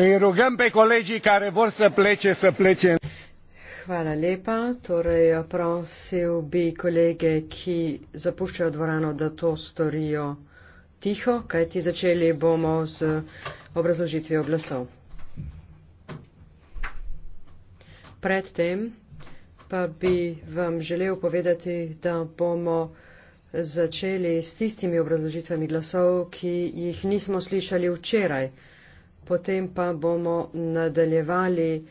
Îi rugăm pe colegii care vor să plece, să plece. Hvala lepa. Torej, prosil bi kolege, ki zapuščajo dvorano, da to storijo tiho, kaj ti začeli bomo z obrazložitvijo glasov. Predtem pa bi vam želel povedati, da bomo začeli s tistimi obrazložitvami glasov, ki jih nismo slišali včeraj potem pa bomo nadaljevali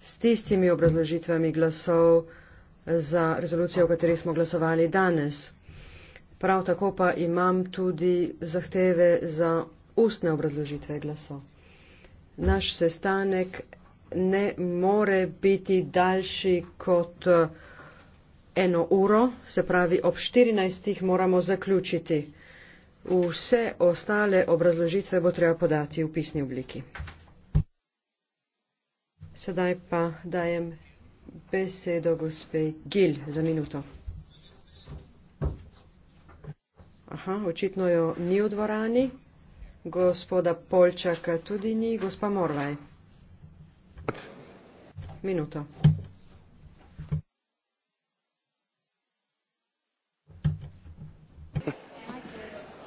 s tistimi obrazložitvami glasov za rezolucijo, o kateri smo glasovali danes. Prav tako pa imam tudi zahteve za ustne obrazložitve glasov. Naš sestanek ne more biti daljši kot eh, eno uro, se pravi ob 14. moramo zaključiti vse ostale obrazložitve bo treba podati v pisni obliki. Sedaj pa dajem besedo gospe Gil za minuto. Aha, očitno jo ni v dvorani. Gospoda Polčaka tudi ni. Gospa Morvaj. Minuto.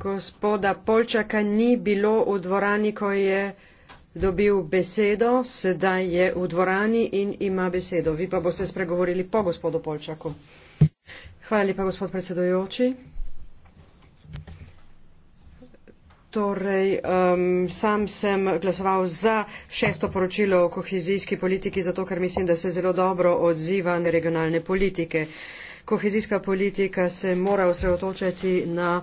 gospoda Polčaka ni bilo v dvorani, ko je dobil besedo, sedaj je v dvorani in ima besedo. Vi pa boste spregovorili po gospodu Polčaku. Hvala lepa, gospod predsedujoči. Torej, um, sam sem glasoval za šesto poročilo o kohezijski politiki, zato ker mislim, da se zelo dobro odziva na regionalne politike. Kohezijska politika se mora osredotočati na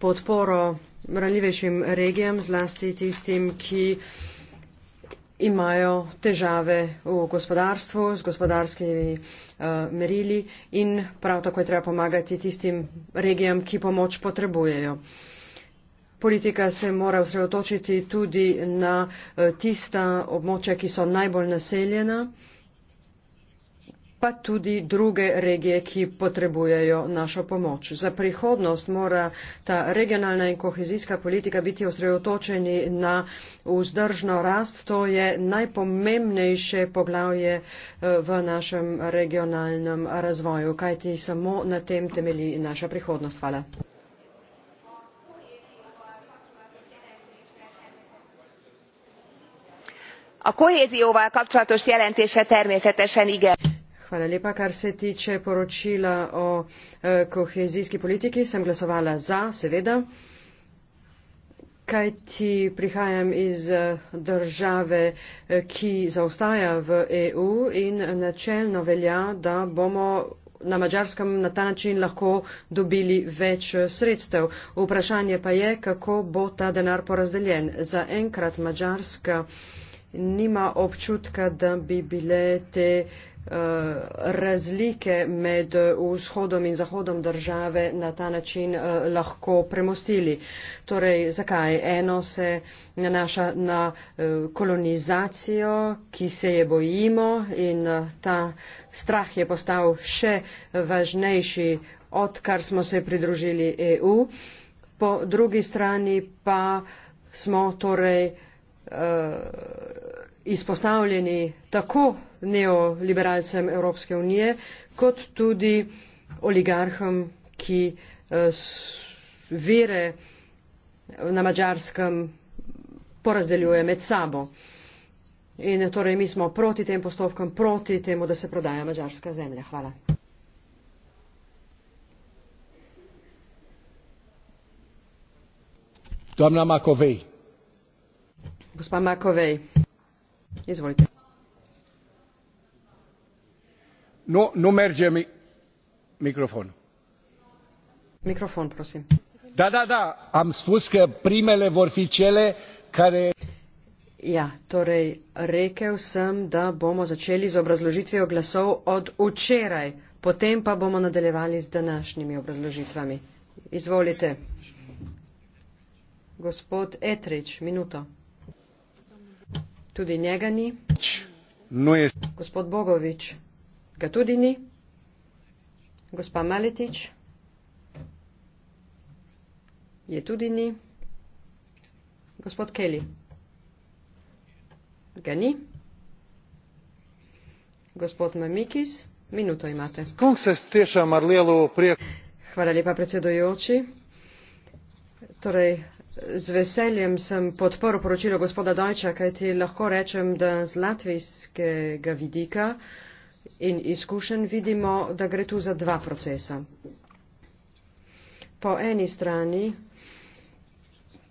podporo ranljivejšim regijam, zlasti tistim, ki imajo težave v gospodarstvu z gospodarskimi uh, merili in prav tako je treba pomagati tistim regijam, ki pomoč potrebujejo. Politika se mora osredotočiti tudi na uh, tista območja, ki so najbolj naseljena pa tudi druge regije, ki potrebujejo našo pomoč. Za prihodnost mora ta regionalna in kohezijska politika biti osredotočeni na vzdržno rast. To je najpomembnejše poglavje eh, v našem regionalnem razvoju, kajti samo na tem temelji naša prihodnost. Hvala. A kohézióval kapcsolatos jelentése természetesen igen. Hvala lepa. Kar se tiče poročila o eh, kohezijski politiki, sem glasovala za, seveda, kajti prihajam iz eh, države, eh, ki zaostaja v EU in načelno velja, da bomo na mačarskem na ta način lahko dobili več sredstev. Vprašanje pa je, kako bo ta denar porazdeljen. Za enkrat mačarska nima občutka, da bi bile te Eh, razlike med eh, vzhodom in zahodom države na ta način eh, lahko premostili. Torej, zakaj? Eno se nanaša na kolonizacijo, ki se je bojimo in ta strah je postal še važnejši, odkar smo se pridružili EU. Po drugi strani pa smo torej izpostavljeni tako neoliberalcem Evropske unije, kot tudi oligarhom, ki eh, vire eh, na mačarskem porazdeljuje med sabo. In torej mi smo proti tem postopkom, proti temu, da se prodaja mačarska zemlja. Hvala. Gospa Makovej, izvolite. No, no am spus că primele vor fi cele care. Ja, torej, rekel sem, da bomo začeli z obrazložitvijo glasov od včeraj, potem pa bomo nadaljevali z današnjimi obrazložitvami. Izvolite. Gospod Etrič, minuto. Tudi njega ni. No, Gospod Bogovič. Ga tudi ni? Gospa Maletič? Je tudi ni? Gospod Kelly? Ga ni? Gospod Mamikis, minuto imate. Hvala lepa, predsedojoči. Torej, z veseljem sem podporo poročilo gospoda Dojča, kajti lahko rečem, da z latvijskega vidika uh, in izkušenj vidimo, da gre tu za dva procesa. Po eni strani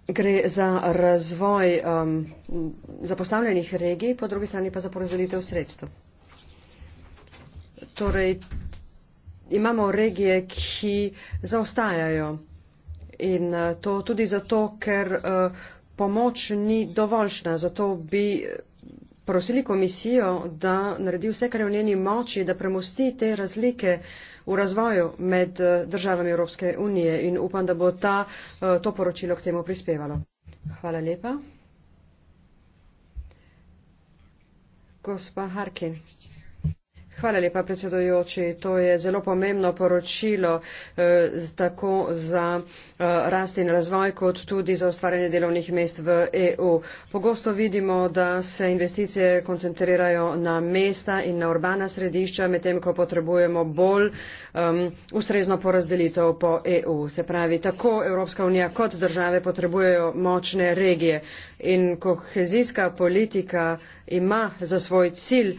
gre za razvoj um, zapostavljenih regij, po drugi strani pa za porazdelitev sredstv. Torej, imamo regije, ki zaostajajo in uh, to tudi zato, ker uh, pomoč ni dovoljšna, zato bi prosili komisijo, da naredi vse, kar je v njeni moči, da premosti te razlike v razvoju med eh, državami Evropske unije in upam, da bo ta, eh, to poročilo k temu prispevalo. Hvala lepa. Gospa Harkin. Hvala lepa, predsedojoči. To je zelo pomembno poročilo eh, tako za eh, rast in razvoj, kot tudi za ustvarjanje delovnih mest v EU. Pogosto vidimo, da se investicije koncentrirajo na mesta in na urbana središča, medtem ko potrebujemo bolj um, ustrezno porazdelitev po EU. Se pravi, tako Evropska unija kot države potrebujejo močne regije in kohezijska politika ima za svoj cilj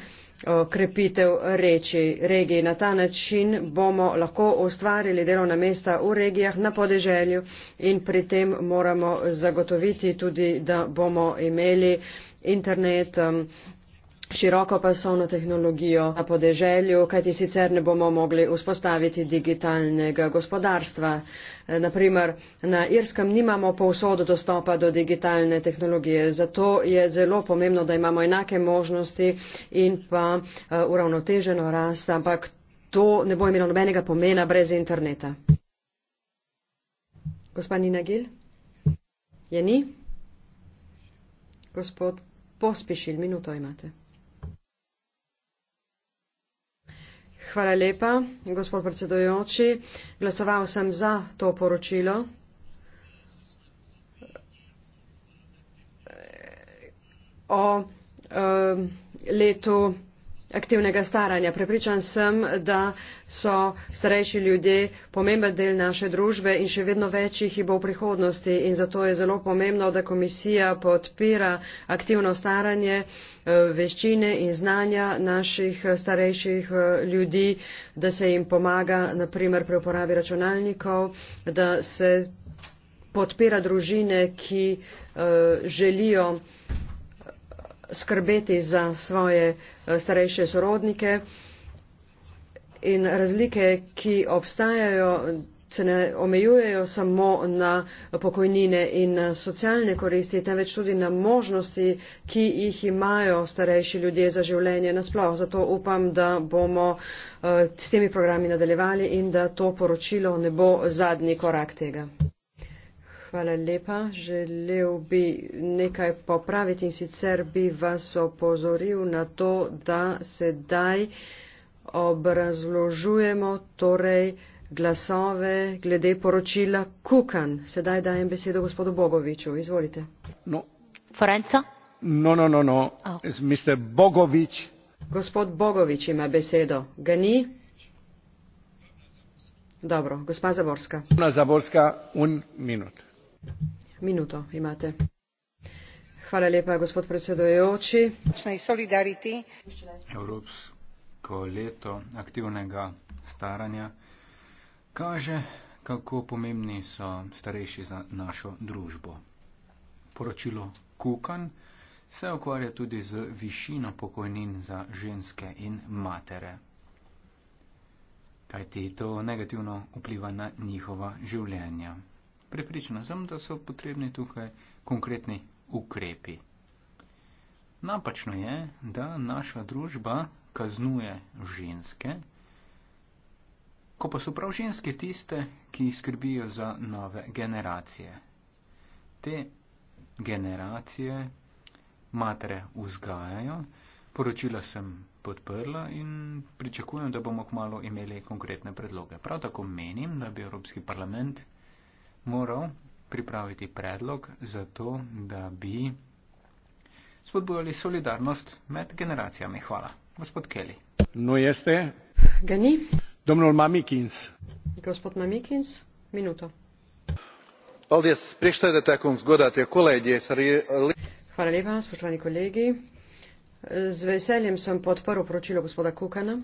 krepitev reči, regiji. Na ta način bomo lahko ustvarili delovna mesta v regijah na podeželju in pri tem moramo zagotoviti tudi, da bomo imeli internet. Um, širokopasovno tehnologijo na podeželju, kajti sicer ne bomo mogli vzpostaviti digitalnega gospodarstva. E, Naprimer, na Irskem nimamo povsod dostopa do digitalne tehnologije, zato je zelo pomembno, da imamo enake možnosti in pa e, uravnoteženo rast, ampak to ne bo imelo nobenega pomena brez interneta. Gospod Nina Gil? Je ni? Gospod Pospišil, minuto imate. Hvala lepa, gospod predsedojoči. Glasoval sem za to poročilo. O, o eh, letu aktivnega staranja. Prepričan sem, da so starejši ljudje pomemben del naše družbe in še vedno več jih bo v prihodnosti. In zato je zelo pomembno, da komisija podpira aktivno staranje eh, veščine in znanja naših eh, starejših eh, ljudi, da se jim pomaga naprimer pri uporabi računalnikov, da se podpira družine, ki želijo skrbeti za svoje Eh, starejše sorodnike in razlike, ki obstajajo, se ne omejujejo samo na pokojnine in na socialne koristi, temveč tudi na možnosti, ki jih imajo starejši ljudje za življenje nasploh. Zato upam, da bomo eh, s temi programi nadaljevali in da to poročilo ne bo zadnji korak tega. Hvala lepa. Želel bi nekaj popraviti in sicer bi vas opozoril na to, da sedaj obrazložujemo torej glasove glede poročila Kukan. Sedaj dajem besedo gospodu Bogoviču. Izvolite. No. Forenca? No, no, no, no. Oh. Mr. Bogovič. Gospod Bogovič ima besedo. Ga ni? Dobro, gospa Zaborska. Gospa Zaborska, un minut. Minuto imate. Hvala lepa, gospod predsedojoči. Evropsko leto aktivnega staranja kaže, kako pomembni so starejši za našo družbo. Poročilo Kukan se ukvarja tudi z višino pokojnin za ženske in matere, kajti to negativno vpliva na njihova življenja. Prepričan sem, da so potrebni tukaj konkretni ukrepi. Napačno je, da naša družba kaznuje ženske, ko pa so prav ženske tiste, ki skrbijo za nove generacije. Te generacije matere vzgajajo, poročila sem podprla in pričakujem, da bomo kmalo imeli konkretne predloge. Prav tako menim, da bi Evropski parlament moral pripraviti predlog za to, da bi spodbujali solidarnost med generacijami. Hvala. Gospod Kelly. No, jeste. Ga ni. Domnul Mamikins. Gospod Mamikins, minuto. Hvala lepa, spoštovani kolegi. Z veseljem sem podprl poročilo gospoda Kukana,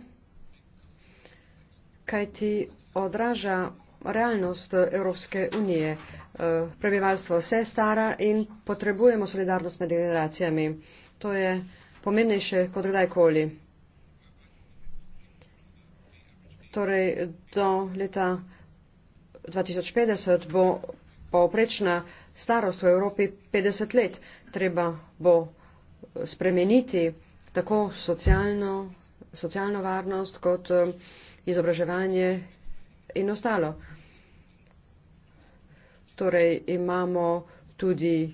kajti odraža realnost Evropske unije. Eh, prebivalstvo se stara in potrebujemo solidarnost med generacijami. To je pomembnejše kot kdajkoli. Torej, do leta 2050 bo povprečna starost v Evropi 50 let. Treba bo spremeniti tako socialno, socialno varnost kot eh, izobraževanje in ostalo. Torej imamo tudi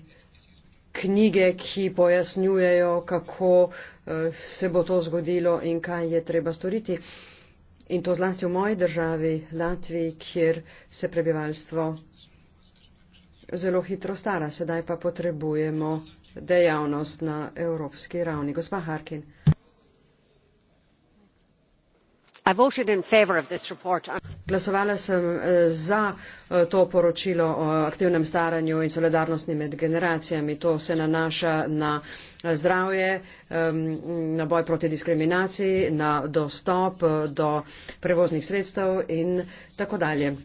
knjige, ki pojasnjujejo, kako eh, se bo to zgodilo in kaj je treba storiti. In to zlasti v moji državi, Latviji, kjer se prebivalstvo zelo hitro stara. Sedaj pa potrebujemo dejavnost na evropski ravni. Gospa Harkin glasovala sem eh, za eh, to poročilo o aktivnem staranju in solidarnosti med generacijami to se nanaša na eh, zdravje na boj proti diskriminaciji na dostop do prevoznih sredstev in tako dalje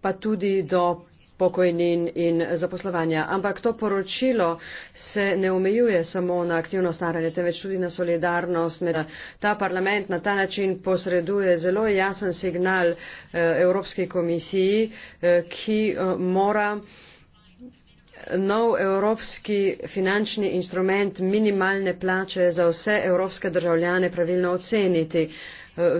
pa tudi do pokojnin in zaposlovanja. Ampak to poročilo se ne omejuje samo na aktivno staranje, temveč tudi na solidarnost. Ta parlament na ta način posreduje zelo jasen signal eh, Evropski komisiji, eh, ki eh, mora nov evropski finančni instrument minimalne plače za vse evropske državljane pravilno oceniti.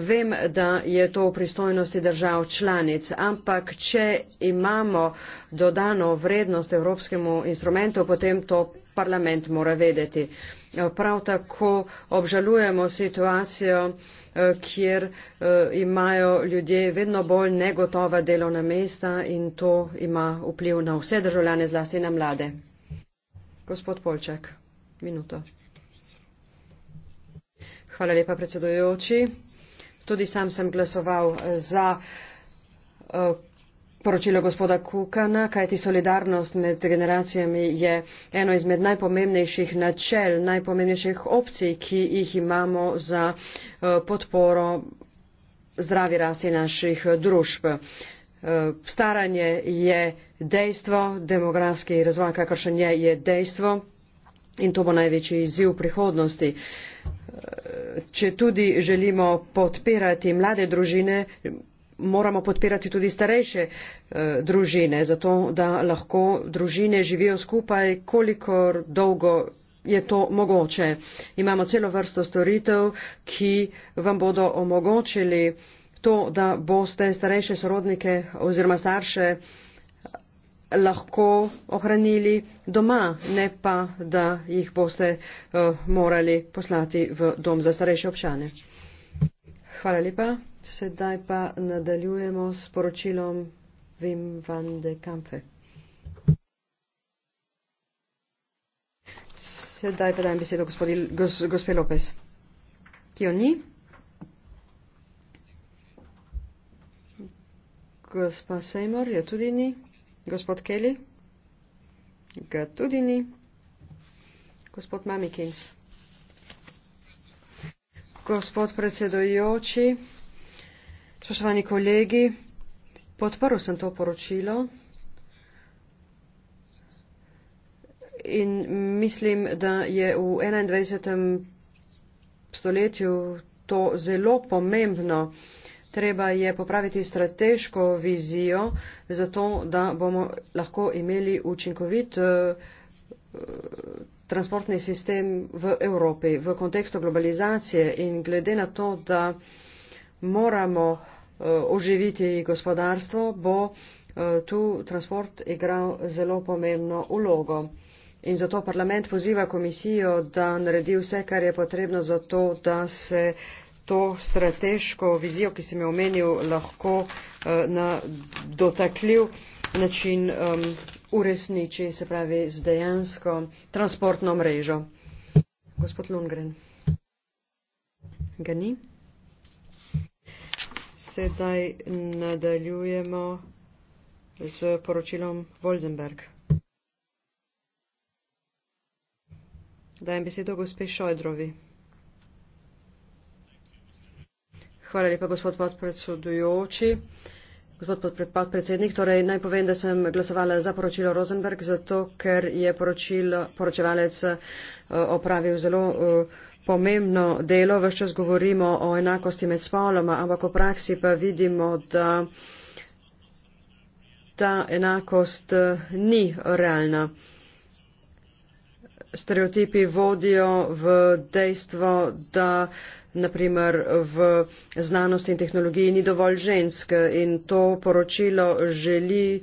Vem, da je to v pristojnosti držav članic, ampak če imamo dodano vrednost evropskemu instrumentu, potem to parlament mora vedeti. Prav tako obžalujemo situacijo, kjer imajo ljudje vedno bolj negotova delovna mesta in to ima vpliv na vse državljane, zlasti na mlade. Gospod Polček, minuto. Hvala lepa, predsedujoči tudi sam sem glasoval eh, za eh, poročilo gospoda Kukana, kajti solidarnost med generacijami je eno izmed najpomembnejših načel, najpomembnejših opcij, ki jih imamo za eh, podporo zdravi rasti naših družb. Staranje je dejstvo, demografski razvoj, kakršen je, je dejstvo in to bo največji izziv prihodnosti če tudi želimo podpirati mlade družine, moramo podpirati tudi starejše eh, družine, zato da lahko družine živijo skupaj, kolikor dolgo je to mogoče. Imamo celo vrsto storitev, ki vam bodo omogočili to, da boste starejše sorodnike oziroma starše lahko ohranili doma, ne pa, da jih boste eh, morali poslati v dom za starejše občane. Hvala lepa. Sedaj pa nadaljujemo s poročilom Vim van de Kampe. Sedaj pa dajem besedo gospodi, gos, gospe Lopez, ki jo ni. Gospa Sejmor je tudi ni. Gospod Kelly? Ga tudi ni. Gospod Mamikins? Gospod predsedojoči, spoštovani kolegi, podprl sem to poročilo in mislim, da je v 21. stoletju to zelo pomembno treba je popraviti strateško vizijo, zato da bomo lahko imeli učinkovit eh, transportni sistem v Evropi v kontekstu globalizacije in glede na to, da moramo eh, oživiti gospodarstvo, bo eh, tu transport igral zelo pomembno ulogo. In zato parlament poziva komisijo, da naredi vse, kar je potrebno za to, da se to strateško vizijo, ki sem jo omenil, lahko uh, na dotakljiv način um, uresniči, se pravi, z dejansko transportno mrežo. Gospod Lundgren. Ga ni? Sedaj nadaljujemo z poročilom Volzenberg. Dajem besedo gospe Šojdrovi. Hvala lepa, gospod podpredsedujoči. Gospod podpredsednik, torej naj povem, da sem glasovala za poročilo Rosenberg, zato ker je poročilo, poročevalec eh, opravil zelo eh, pomembno delo. Vse čas govorimo o enakosti med spoloma, ampak v praksi pa vidimo, da ta enakost eh, ni realna. Stereotipi vodijo v dejstvo, da naprimer v znanosti in tehnologiji ni dovolj žensk in to poročilo želi eh,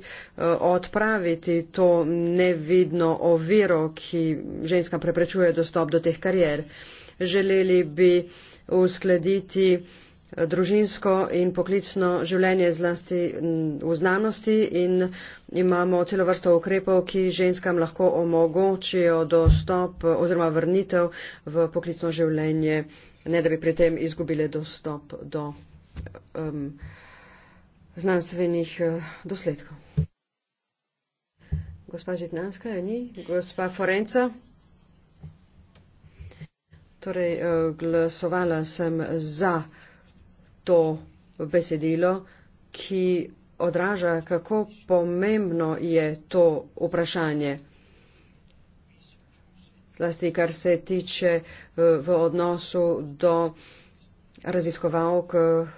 odpraviti to nevidno oviro, ki ženska preprečuje dostop do teh karjer. Želeli bi uskladiti eh, družinsko in poklicno življenje zlasti v znanosti in imamo celo vrsto ukrepov, ki ženskam lahko omogočijo dostop oziroma vrnitev v poklicno življenje ne da bi pri tem izgubile dostop do um, znanstvenih uh, dosledkov. Gospa Žitnanska, je ni? Gospa Forenca? Torej, uh, glasovala sem za to besedilo, ki odraža, kako pomembno je to vprašanje zlasti kar se tiče eh, v odnosu do raziskovalk eh,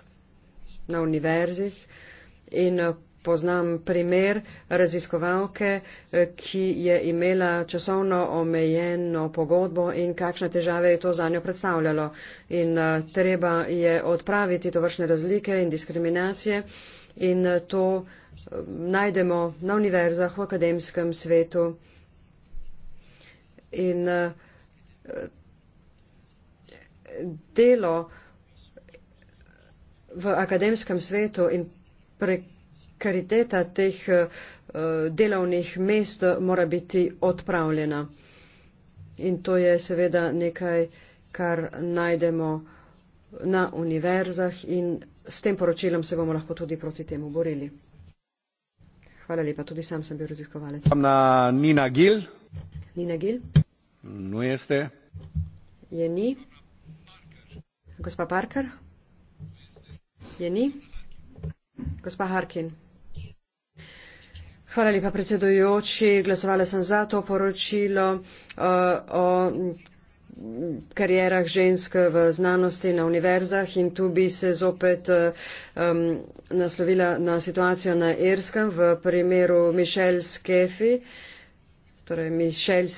na univerzih. In eh, poznam primer raziskovalke, ki je imela časovno omejeno pogodbo in kakšne težave je to za njo predstavljalo. In treba je odpraviti to vršne razlike in diskriminacije. In to najdemo na univerzah, v akademskem svetu. In eh, delo v akademskem svetu in prekariteta teh eh, delovnih mest mora biti odpravljena. In to je seveda nekaj, kar najdemo na univerzah in s tem poročilom se bomo lahko tudi proti temu borili. Hvala lepa, tudi sam sem bil raziskovalec. Na Nina Gil nina gil nu este je ni gospa parker je ni gospa harkin Hvala lepa, predsedujoči. Glasovala sem za to poročilo uh, o karjerah žensk v znanosti na univerzah in tu bi se zopet um, naslovila na situacijo na Irskem v primeru Mišel Skefi. Uh, torej Mišel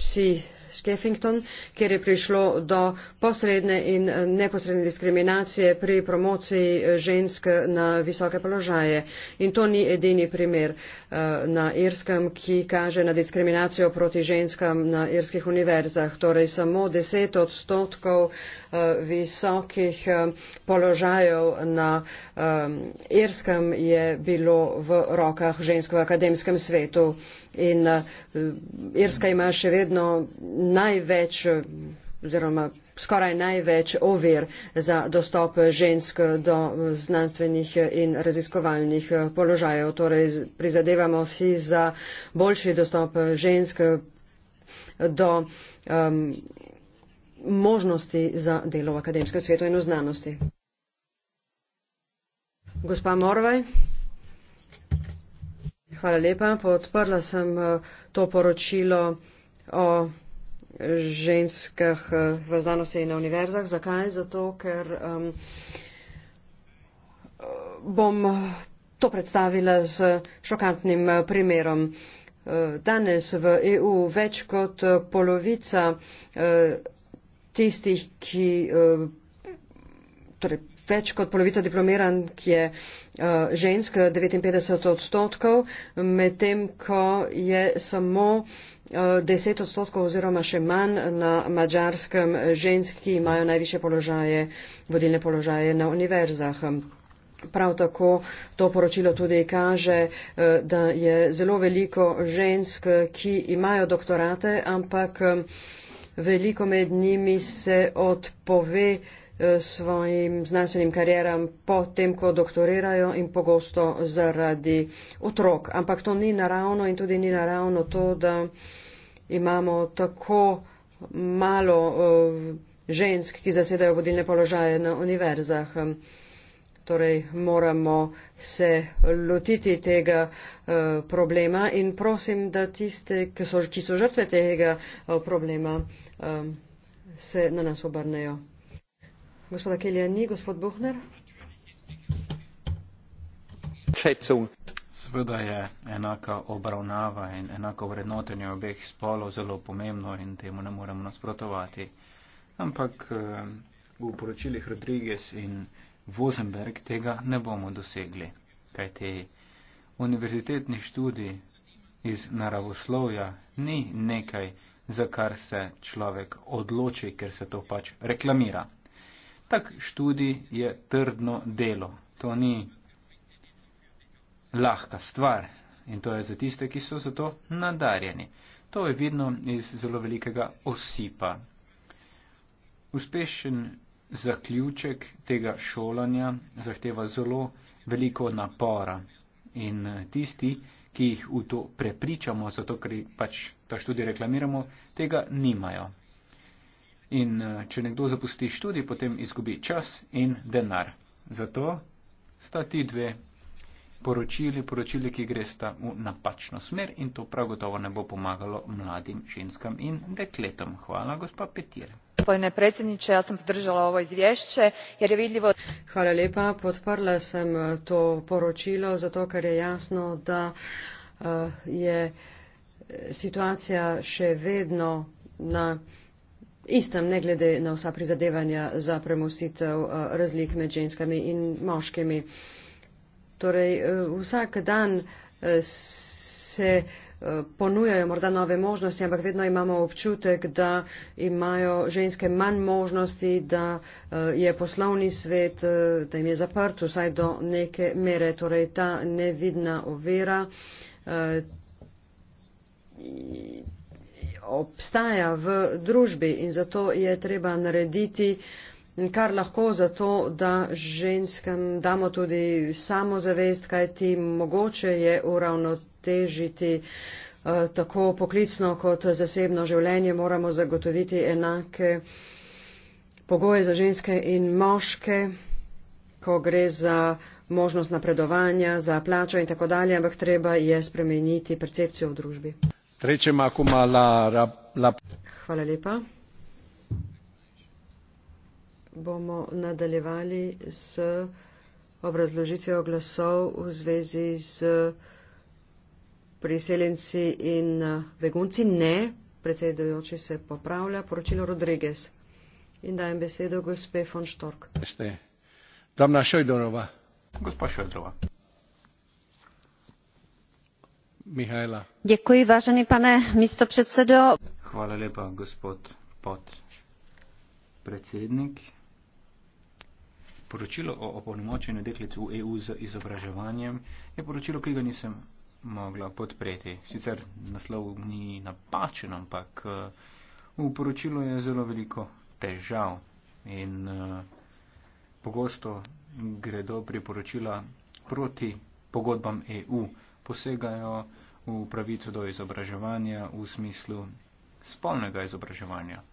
C. Skeffington, kjer je prišlo do posredne in eh, neposredne diskriminacije pri promociji eh, žensk eh, na visoke položaje. In to ni edini primer na Irskem, ki kaže na diskriminacijo proti ženskam na irskih univerzah. Torej samo 10 odstotkov visokih položajev na Irskem je bilo v rokah žensk v akademskem svetu in eh, Irska ima še vedno največ eh, oziroma skoraj največ ovir za dostop žensk do eh, znanstvenih in raziskovalnih položajev. Torej prizadevamo si za boljši dostop žensk do um, možnosti za delo v akademskem svetu in v znanosti. Gospa Morvaj. Hvala lepa. Podprla sem eh, to poročilo o ženskah eh, v znanosti in na univerzah. Zakaj? Zato, ker um, bom to predstavila z šokantnim eh, primerom. Danes v EU več kot polovica tistih, ki torej, več kot polovica diplomiranih je eh, žensk, 59 odstotkov, medtem ko je samo 10 eh, odstotkov oziroma še manj na mačarskem žensk, ki imajo najviše položaje, vodilne položaje na univerzah. Prav tako to poročilo tudi kaže, eh, da je zelo veliko žensk, ki imajo doktorate, ampak veliko med njimi se odpove svojim znanstvenim karjeram potem, ko doktorirajo in pogosto zaradi otrok. Ampak to ni naravno in tudi ni naravno to, da imamo tako malo eh, žensk, ki zasedajo vodilne položaje na univerzah. Torej moramo se lotiti tega eh, problema in prosim, da tiste, ki so, ki so žrtve tega eh, problema, se na nas obrnejo. Gospoda Keljani, gospod Buhner. Sveda je enaka obravnava in enako vrednotenje obeh spolov zelo pomembno in temu ne moremo nasprotovati. Ampak eh, v poročilih Rodriguez in Vozenberg tega ne bomo dosegli, kaj te univerzitetni študij iz naravoslovja ni nekaj, za kar se človek odloči, ker se to pač reklamira tak študij je trdno delo. To ni lahka stvar in to je za tiste, ki so za to nadarjeni. To je vidno iz zelo velikega osipa. Uspešen zaključek tega šolanja zahteva zelo veliko napora in tisti, ki jih v to prepričamo, zato ker pač ta študij reklamiramo, tega nimajo. In eh, če nekdo zapusti študij, potem izgubi čas in denar. Zato sta ti dve poročili, poročili, ki gresta v napačno smer in to prav gotovo ne bo pomagalo mladim ženskam in dekletom. Hvala, gospa Petir. Gospodine predsjedniče, ja sam podržala ovo izvješće jer je vidljivo. Hvala lepa, podprla sam eh, to poročilo zato ker je jasno da eh, je situacija še vedno na istem, ne glede na vsa prizadevanja za premustitev eh, razlik med ženskami in moškimi. Torej, eh, vsak dan eh, se ponujajo morda nove možnosti, ampak vedno imamo občutek, da imajo ženske manj možnosti, da je poslovni svet, da jim je zaprt vsaj do neke mere. Torej, ta nevidna ovira obstaja v družbi in zato je treba narediti, kar lahko zato, da ženskem damo tudi samozavest, kaj ti mogoče je uravnotežiti eh, tako poklicno kot zasebno življenje, moramo zagotoviti enake pogoje za ženske in moške, ko gre za možnost napredovanja, za plačo in tako dalje, ampak treba je spremeniti percepcijo v družbi. Hvala lepa. Bomo nadaljevali z obrazložitvijo glasov v zvezi z priseljenci in eh, begunci. Ne, predsedujoči se popravlja. Poročilo Rodriguez. In dajem besedo gospe von Štork. Gospa Šojdorova pane předsedající poročilo o opolnomočenju deklic v eu z izobraževanjem je poročilo ki ga nisem mogla podpreti. Sicer naslov ni napačen, ampak eh, v poročilu je zelo veliko težav in eh, pogosto gredo priporočila proti pogodbam EU posegajo v pravico do izobraževanja v smislu spolnega izobraževanja.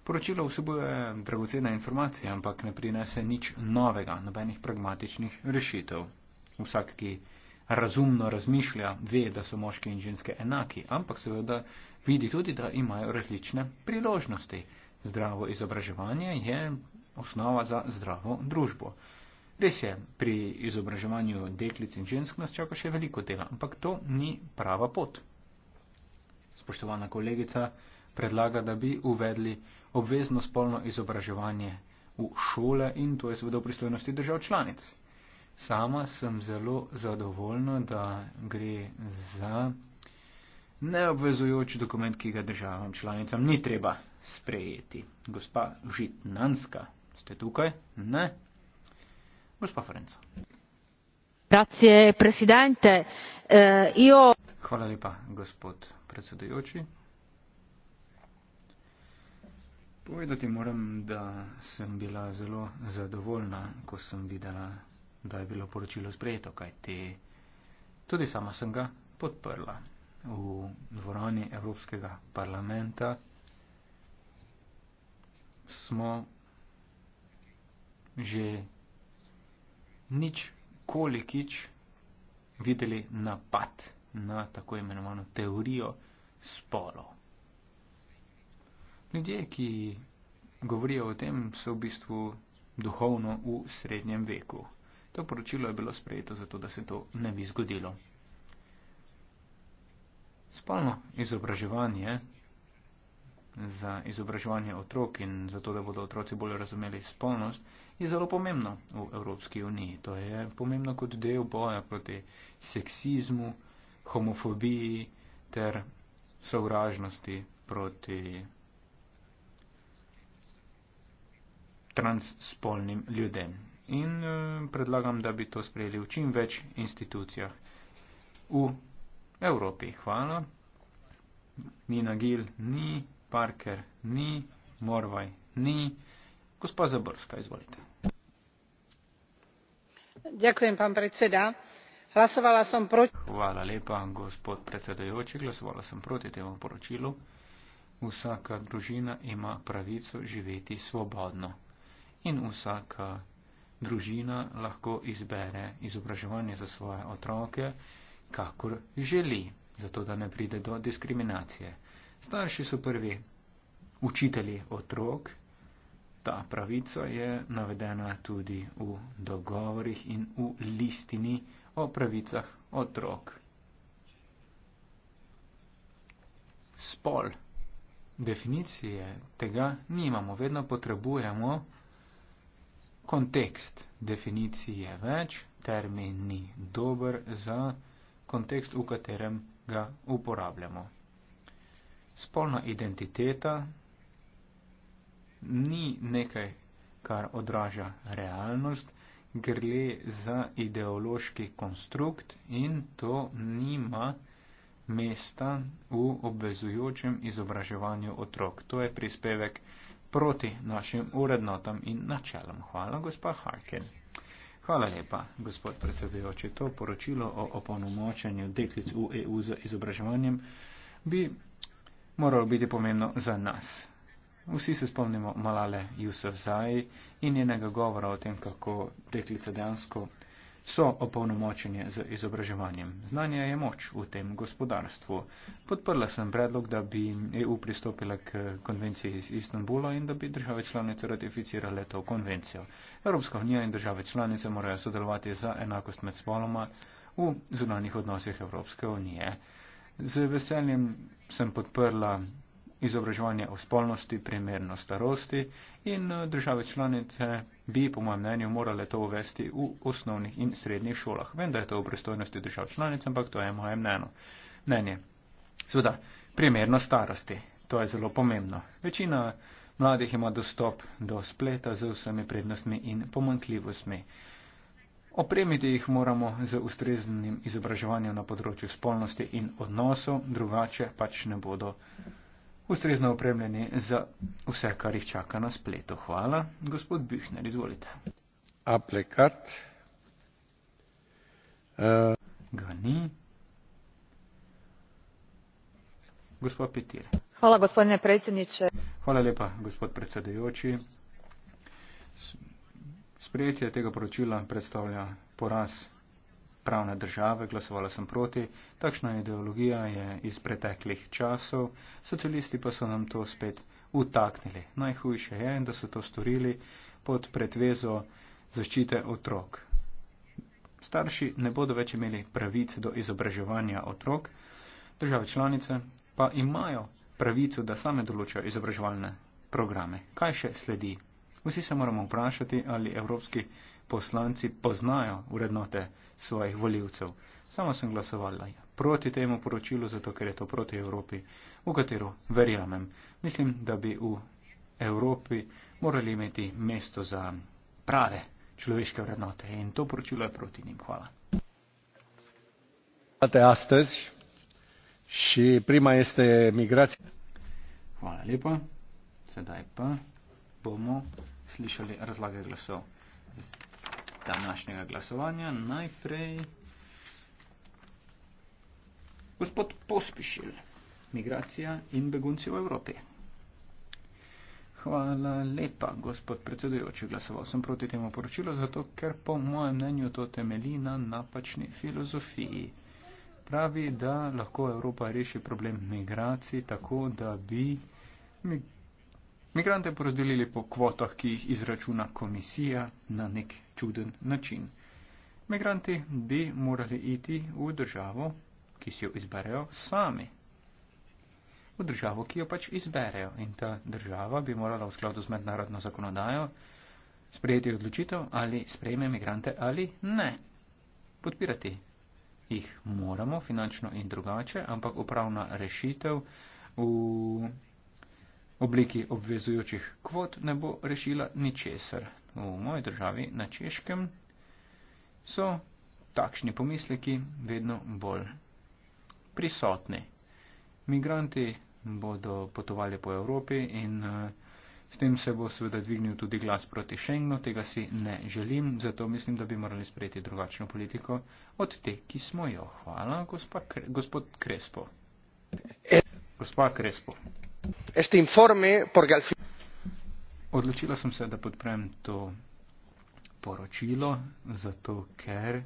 Poročilo vsebuje dragocene informacije, ampak ne prinese nič novega, nobenih pragmatičnih rešitev. Vsak, ki razumno razmišlja, ve, da so moški in ženske enaki, ampak seveda vidi tudi, da imajo različne priložnosti. Zdravo izobraževanje je osnova za zdravo družbo. Res je, pri izobraževanju deklic in žensk nas čaka še veliko dela, ampak to ni prava pot. Spoštovana kolegica predlaga, da bi uvedli obvezno spolno izobraževanje v šole in to je seveda v pristojnosti držav članic. Sama sem zelo zadovoljna, da gre za neobvezujoč dokument, ki ga državam članicam ni treba sprejeti. Gospa Žitnanska, ste tukaj? Ne gospa Ferenc. Grazie presidente. Eh, io... Hvala lepa, gospod predsedujoči. Povedati moram, da sem bila zelo zadovoljna, ko sem videla, da je bilo poročilo sprejeto, kaj te. Tudi sama sem ga podprla v dvorani Evropskega parlamenta. Smo že nič kolikič videli napad na tako imenovano teorijo spolov. Ljudje, ki govorijo o tem, so v bistvu duhovno v srednjem veku. To poročilo je bilo sprejeto zato, da se to ne bi zgodilo. Spolno izobraževanje za izobraževanje otrok in zato, da bodo otroci bolje razumeli spolnost, je zelo pomembno v Evropski uniji. To je pomembno kot del boja proti seksizmu, homofobiji ter sovražnosti proti transspolnim ljudem. In eh, predlagam, da bi to sprejeli v čim več institucijah v Evropi. Hvala. Ni Nagil, ni Parker, ni Morvaj, ni. Gospa Zaborska, izvolite hlasovala som proti. hvala lepa gospod predsedujoči glasovala sem proti temu poročilu vsaka družina ima pravico živeti svobodno in vsaka družina lahko izbere izobraževanje za svoje otroke kakor želi zato da ne pride do diskriminacije starši so prvi učitelji otrok Ta pravica je navedena tudi v dogovorih in v listini o pravicah otrok. Spol. Definicije tega nimamo, vedno potrebujemo kontekst. Definicije več, termin ni dober za kontekst, v katerem ga uporabljamo. Spolna identiteta ni nekaj, kar odraža realnost, gre za ideološki konstrukt in to nima mesta v obvezujočem izobraževanju otrok. To je prispevek proti našim urednotam in načelom. Hvala, gospa Harkin. Hvala lepa, gospod predsedujoči. To poročilo o opolnomočenju deklic v EU za izobraževanjem bi moralo biti pomembno za nas. Vsi se spomnimo Malale Jusufzai in njenega govora o tem, kako deklice dejansko so opolnomočenje z izobraževanjem. Znanje je moč v tem gospodarstvu. Podprla sem predlog, da bi EU pristopila k konvenciji iz Istanbula in da bi države članice ratificirale to konvencijo. Evropska unija in države članice morajo sodelovati za enakost med spoloma v zunanjih odnosih Evropske unije. Z veseljem sem podprla izobraževanje o spolnosti primerno starosti in eh, države članice bi, po mojem mnenju, morale to uvesti v osnovnih in srednjih šolah. Vem, da je to v pristojnosti držav članic, ampak to je moje mneno. mnenje. Sveda, primerno starosti, to je zelo pomembno. Večina mladih ima dostop do spleta z vsemi prednostmi in pomankljivostmi. Opremiti jih moramo z ustreznim izobraževanjem na področju spolnosti in odnosov, drugače pač ne bodo ustrezno opremljeni za vse, kar jih čaka na spletu. Hvala. Gospod Bühner, izvolite. Aplekat. Uh. Eh. Ga ni. Gospod Petir. Hvala, gospodine predsjedniče. Hvala lepa, gospod predsedajoči. Sprejetje tega poročila predstavlja poraz pravne države, glasovala sem proti, takšna ideologija je iz preteklih časov, socialisti pa so nam to spet utaknili. Najhujše je, da so to storili pod pretvezo zaščite otrok. Starši ne bodo več imeli pravic do izobraževanja otrok, države članice pa imajo pravico, da same določajo izobraževalne programe. Kaj še sledi? Vsi se moramo vprašati, ali evropski poslanci poznajo vrednote svojih voljivcev. Sama sem glasovala proti temu poročilu, zato ker je to proti Evropi, v katero verjamem. Mislim, da bi v Evropi morali imeti mesto za prave človeške vrednote in to poročilo je proti njim. Hvala. Hvala lepa. Sedaj pa bomo slišali razlage glasov današnjega glasovanja. Najprej gospod Pospišil, migracija in begunci v Evropi. Hvala lepa, gospod predsedujoči. Glasoval sem proti temu poročilu, zato ker po mojem mnenju to temelji na napačni filozofiji. Pravi, da lahko Evropa reši problem migracij tako, da bi migrante porazdelili po kvotah, ki jih izračuna komisija na nek čuden način. Migranti bi morali iti v državo, ki si jo izberejo sami. V državo, ki jo pač izberejo. In ta država bi morala v skladu z mednarodno zakonodajo sprejeti odločitev, ali sprejme migrante ali ne. Podpirati jih moramo finančno in drugače, ampak upravna rešitev v obliki obvezujočih kvot ne bo rešila ničesar. V moji državi na Češkem so takšni pomisleki vedno bolj prisotni. Migranti bodo potovali po Evropi in eh, s tem se bo seveda dvignil tudi glas proti Schengenu, tega si ne želim, zato mislim, da bi morali sprejeti drugačno politiko od te, ki smo jo. Hvala, gospod Krespo. Gospa Krespo este informe porque al fin... Odločila sem se, da podprem to poročilo, zato ker.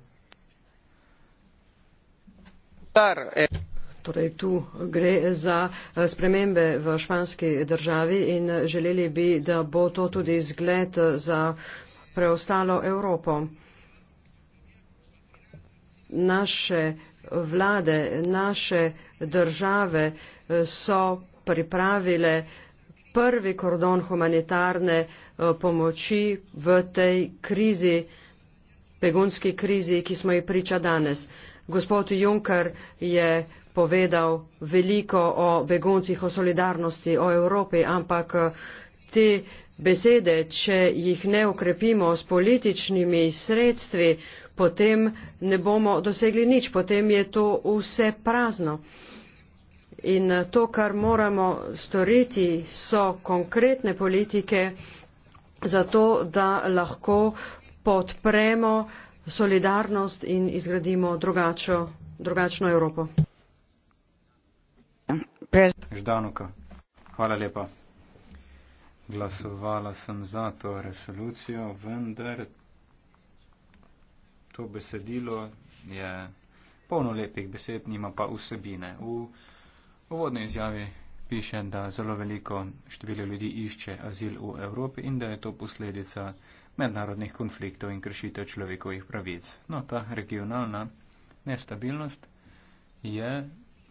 Eh, torej, tu gre za eh, spremembe v španski državi in eh, želeli bi, da bo to tudi zgled za preostalo Evropo. Naše vlade, naše države so pripravile prvi kordon humanitarne eh, pomoči v tej krizi, begunski krizi, ki smo ji priča danes. Gospod Juncker je povedal veliko o beguncih, o solidarnosti, o Evropi, ampak eh, te besede, če jih ne ukrepimo s političnimi sredstvi, potem ne bomo dosegli nič, potem je to vse prazno. In eh, to, kar moramo storiti, so konkretne politike za to, da lahko podpremo solidarnost in izgradimo drugačo, drugačno Evropo. Ždanuka, hvala lepa. Glasovala sem za to resolucijo, vendar to besedilo je polno lepih besed, nima pa vsebine. V povodni izjavi piše, da zelo veliko število ljudi išče azil v Evropi in da je to posledica mednarodnih konfliktov in kršitev človekovih pravic. No, ta regionalna nestabilnost je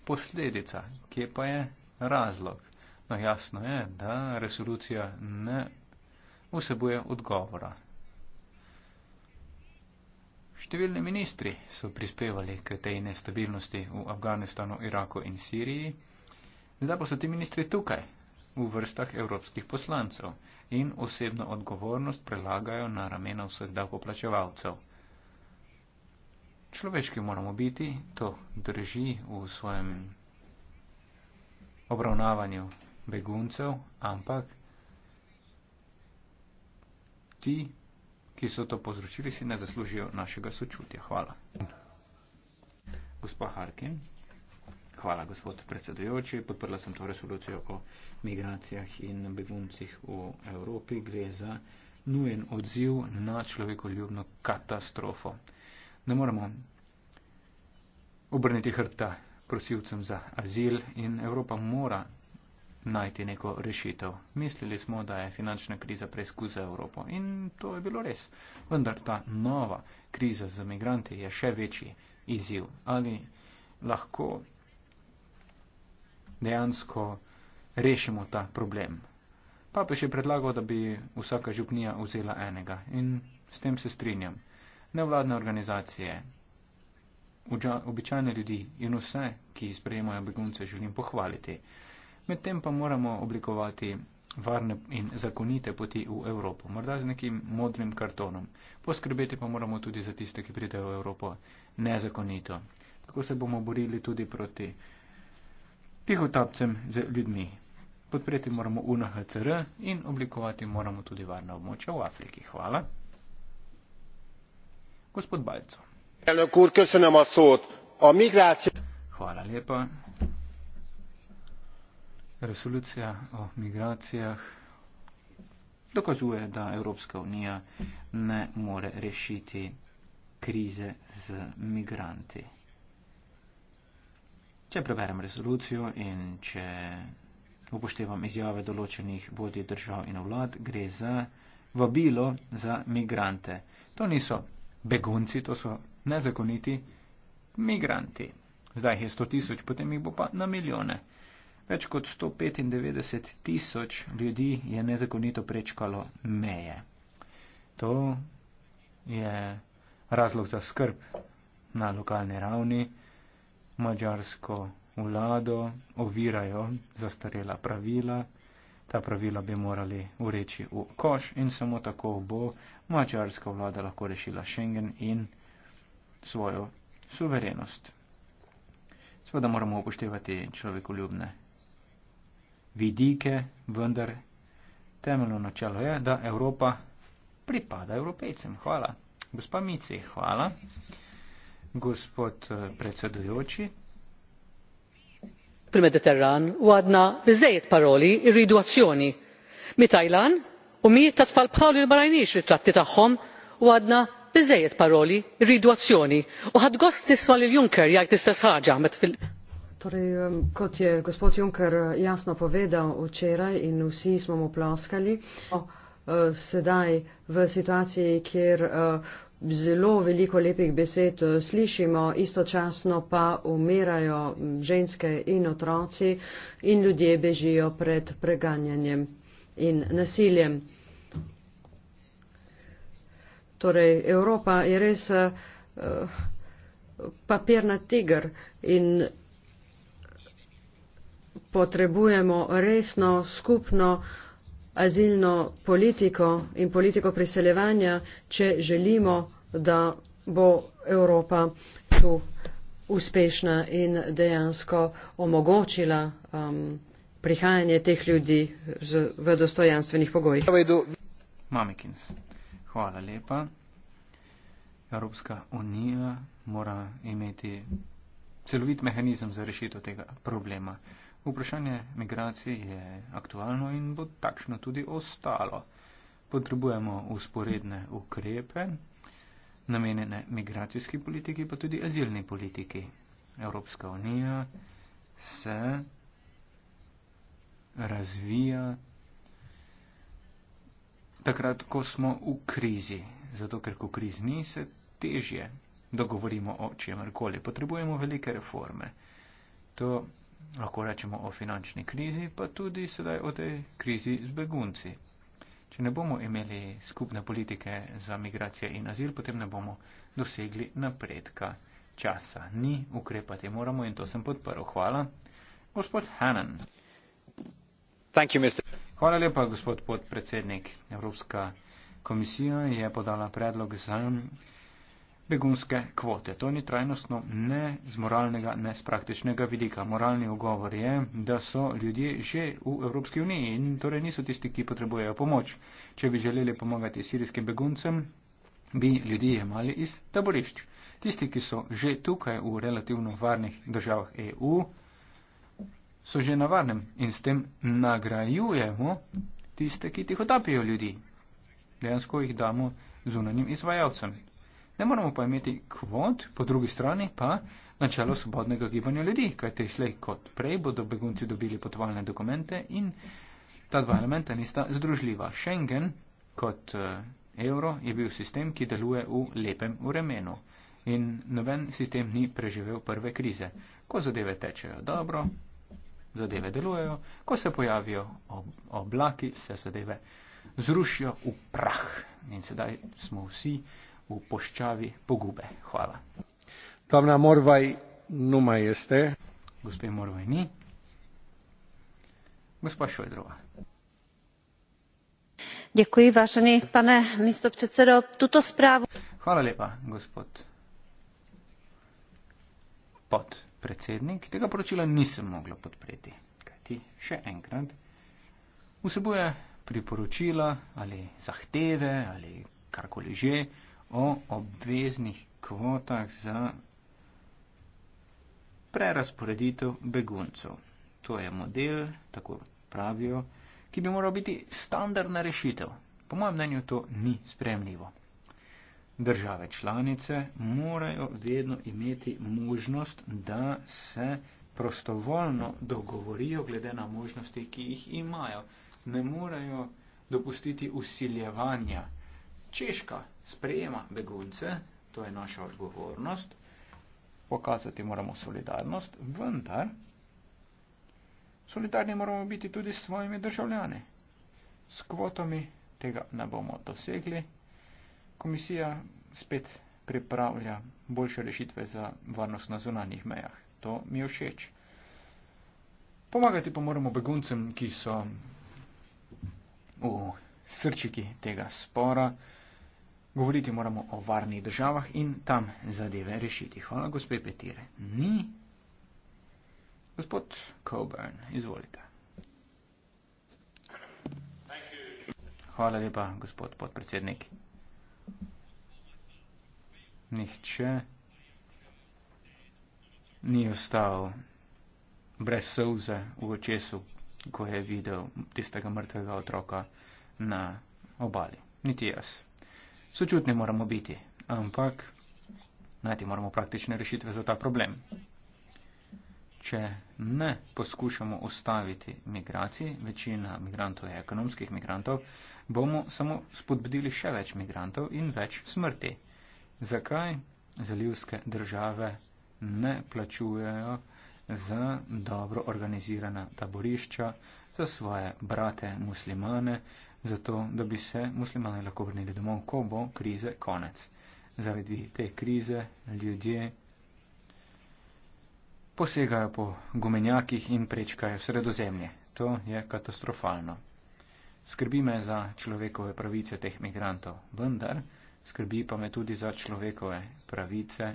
posledica, kje pa je razlog. No, jasno je, da resolucija ne vsebuje odgovora. Številni ministri so prispevali k tej nestabilnosti v Afganistanu, Iraku in Siriji. Zdaj pa so ti ministri tukaj, v vrstah evropskih poslancev in osebno odgovornost prelagajo na ramena vseh davkoplačevalcev. Človeški moramo biti, to drži v svojem obravnavanju beguncev, ampak ti, ki so to povzročili, si ne zaslužijo našega sočutja. Hvala. Gospa Harkin. Hvala, gospod predsedujoči. Podprla sem to resolucijo o migracijah in beguncih v Evropi. Gre za nujen odziv na človekoljubno katastrofo. Ne moremo obrniti hrta prosilcem za azil in Evropa mora najti neko rešitev. Mislili smo, da je finančna kriza preizkus za Evropo in to je bilo res. Vendar ta nova kriza za migranti je še večji izziv. Ali lahko dejansko rešimo ta problem. Papež je predlagal, da bi vsaka župnija vzela enega in s tem se strinjam. Nevladne organizacije, običajne ljudi in vse, ki sprejemajo begunce, želim pohvaliti. Medtem pa moramo oblikovati varne in zakonite poti v Evropo, morda z nekim modrim kartonom. Poskrbeti pa moramo tudi za tiste, ki pridejo v Evropo nezakonito. Tako se bomo borili tudi proti tihotapcem z ljudmi. Podpreti moramo UNHCR in oblikovati moramo tudi varna območja v Afriki. Hvala. Gospod Balco. Elnök úr, köszönöm a szót. A migráció... Hvala lepa. Resolucija o migracijah dokazuje, da Evropska unija ne more rešiti krize z migranti če preberem rezolucijo in če upoštevam izjave določenih vodij držav in vlad, gre za vabilo za migrante. To niso begunci, to so nezakoniti migranti. Zdaj jih je 100 tisoč, potem jih bo pa na milijone. Več kot 195 tisoč ljudi je nezakonito prečkalo meje. To je razlog za skrb na lokalni ravni mađarsko vlado ovirajo zastarela pravila. Ta pravila bi morali ureči v koš in samo tako bo mačarska vlada lahko rešila Schengen in svojo suverenost. Sveda moramo upoštevati človekoljubne vidike, vendar temeljno načelo je, da Evropa pripada evropejcem. Hvala. Gospa Mici, hvala gospod eh, predsedujoči. Prima di terran, u għadna bizzejiet paroli irridu azzjoni. Mi tajlan, u mi ta' tfal bħawli li barajnix ritratti taħħom, u għadna bizzejiet paroli irridu azzjoni. U għad gost niswa li l-Junker jgħajt istess ħagġa. Torej, kot je gospod Juncker eh, jasno povedal včeraj in vsi smo mu ploskali, eh, sedaj v situaciji, kjer zelo veliko lepih besed eh, slišimo, istočasno pa umirajo ženske in otroci in ljudje bežijo pred preganjanjem in nasiljem. Torej, Evropa je res uh, eh, papirna tiger in potrebujemo resno skupno azilno politiko in politiko priseljevanja, če želimo da bo Evropa tu uspešna in dejansko omogočila um, prihajanje teh ljudi z, v dostojanstvenih pogojih. Mamikins, hvala lepa. Evropska unija mora imeti celovit mehanizem za rešitev tega problema. Vprašanje migracije je aktualno in bo takšno tudi ostalo. Potrebujemo usporedne ukrepe, namenjene migracijski politiki, pa tudi azilni politiki. Evropska unija se razvija takrat, ko smo v krizi. Zato, ker ko kriz ni, se težje dogovorimo o čemarkoli. Potrebujemo velike reforme. To lahko rečemo o finančni krizi, pa tudi sedaj o tej krizi z begunci. Če ne bomo imeli skupne politike za migracije in azil, potem ne bomo dosegli napredka časa. Ni ukrepati moramo in to sem podprl. Hvala. Gospod Hannan. Hvala lepa, gospod podpredsednik. Evropska komisija je podala predlog za begunske kvote. To ni trajnostno ne z moralnega, ne z praktičnega vidika. Moralni ugovor je, da so ljudje že v Evropski uniji in torej niso tisti, ki potrebujejo pomoč. Če bi želeli pomagati sirijskim beguncem, bi ljudi jemali iz taborišč. Tisti, ki so že tukaj v relativno varnih državah EU, so že na varnem in s tem nagrajujemo tiste, ki tih otapijo ljudi. Dejansko jih damo zunanim izvajalcem. Ne moramo pa imeti kvot, po drugi strani pa načelo svobodnega gibanja ljudi, kajte šlej kot prej bodo begunci dobili potovalne dokumente in ta dva elementa nista združljiva. Schengen kot eh, evro je bil sistem, ki deluje v lepem vremenu in noben sistem ni preživel prve krize. Ko zadeve tečejo dobro, zadeve delujejo, ko se pojavijo ob, oblaki, se zadeve zrušijo v prah in sedaj smo vsi v poščavi pogube. Hvala. Domna Morvaj, numa jeste. Gospe Morvaj ni. Gospa Šojdrova. Děkuji, vážený pane místo předsedo, tuto zprávu. Hvala lepa, gospod podpredsednik. Tega poročila nisem mogla podpreti. Kajti, še enkrat, vsebuje priporočila ali zahteve ali karkoli že, o obveznih kvotah za prerasporeditev beguncev. To je model, tako pravijo, ki bi moral biti standardna rešitev. Po mojem mnenju to ni spremljivo. Države članice morajo vedno imeti možnost, da se prostovoljno dogovorijo glede na možnosti, ki jih imajo. Ne morajo dopustiti usiljevanja. Češka sprejema begunce, to je naša odgovornost, pokazati moramo solidarnost, vendar solidarni moramo biti tudi s svojimi državljani. S kvotami tega ne bomo dosegli. Komisija spet pripravlja boljše rešitve za varnost na zunanjih mejah. To mi je všeč. Pomagati pa moramo beguncem, ki so v srčiki tega spora. Govoriti moramo o varnih državah in tam zadeve rešiti. Hvala, gospe Petire. Ni. Gospod Coburn, izvolite. Hvala lepa, gospod podpredsednik. Nihče ni ostal brez solze v očesu, ko je videl tistega mrtvega otroka na obali. Niti jaz sočutni moramo biti, ampak najti moramo praktične rešitve za ta problem. Če ne poskušamo ustaviti migracij, večina migrantov je ekonomskih migrantov, bomo samo spodbudili še več migrantov in več smrti. Zakaj zalivske države ne plačujejo za dobro organizirana taborišča, za svoje brate muslimane, zato da bi se muslimani lahko vrnili domov, ko bo krize konec. Zaradi te krize ljudje posegajo po gumenjakih in prečkajo sredozemlje. To je katastrofalno. Skrbi me za človekove pravice teh migrantov, vendar skrbi pa me tudi za človekove pravice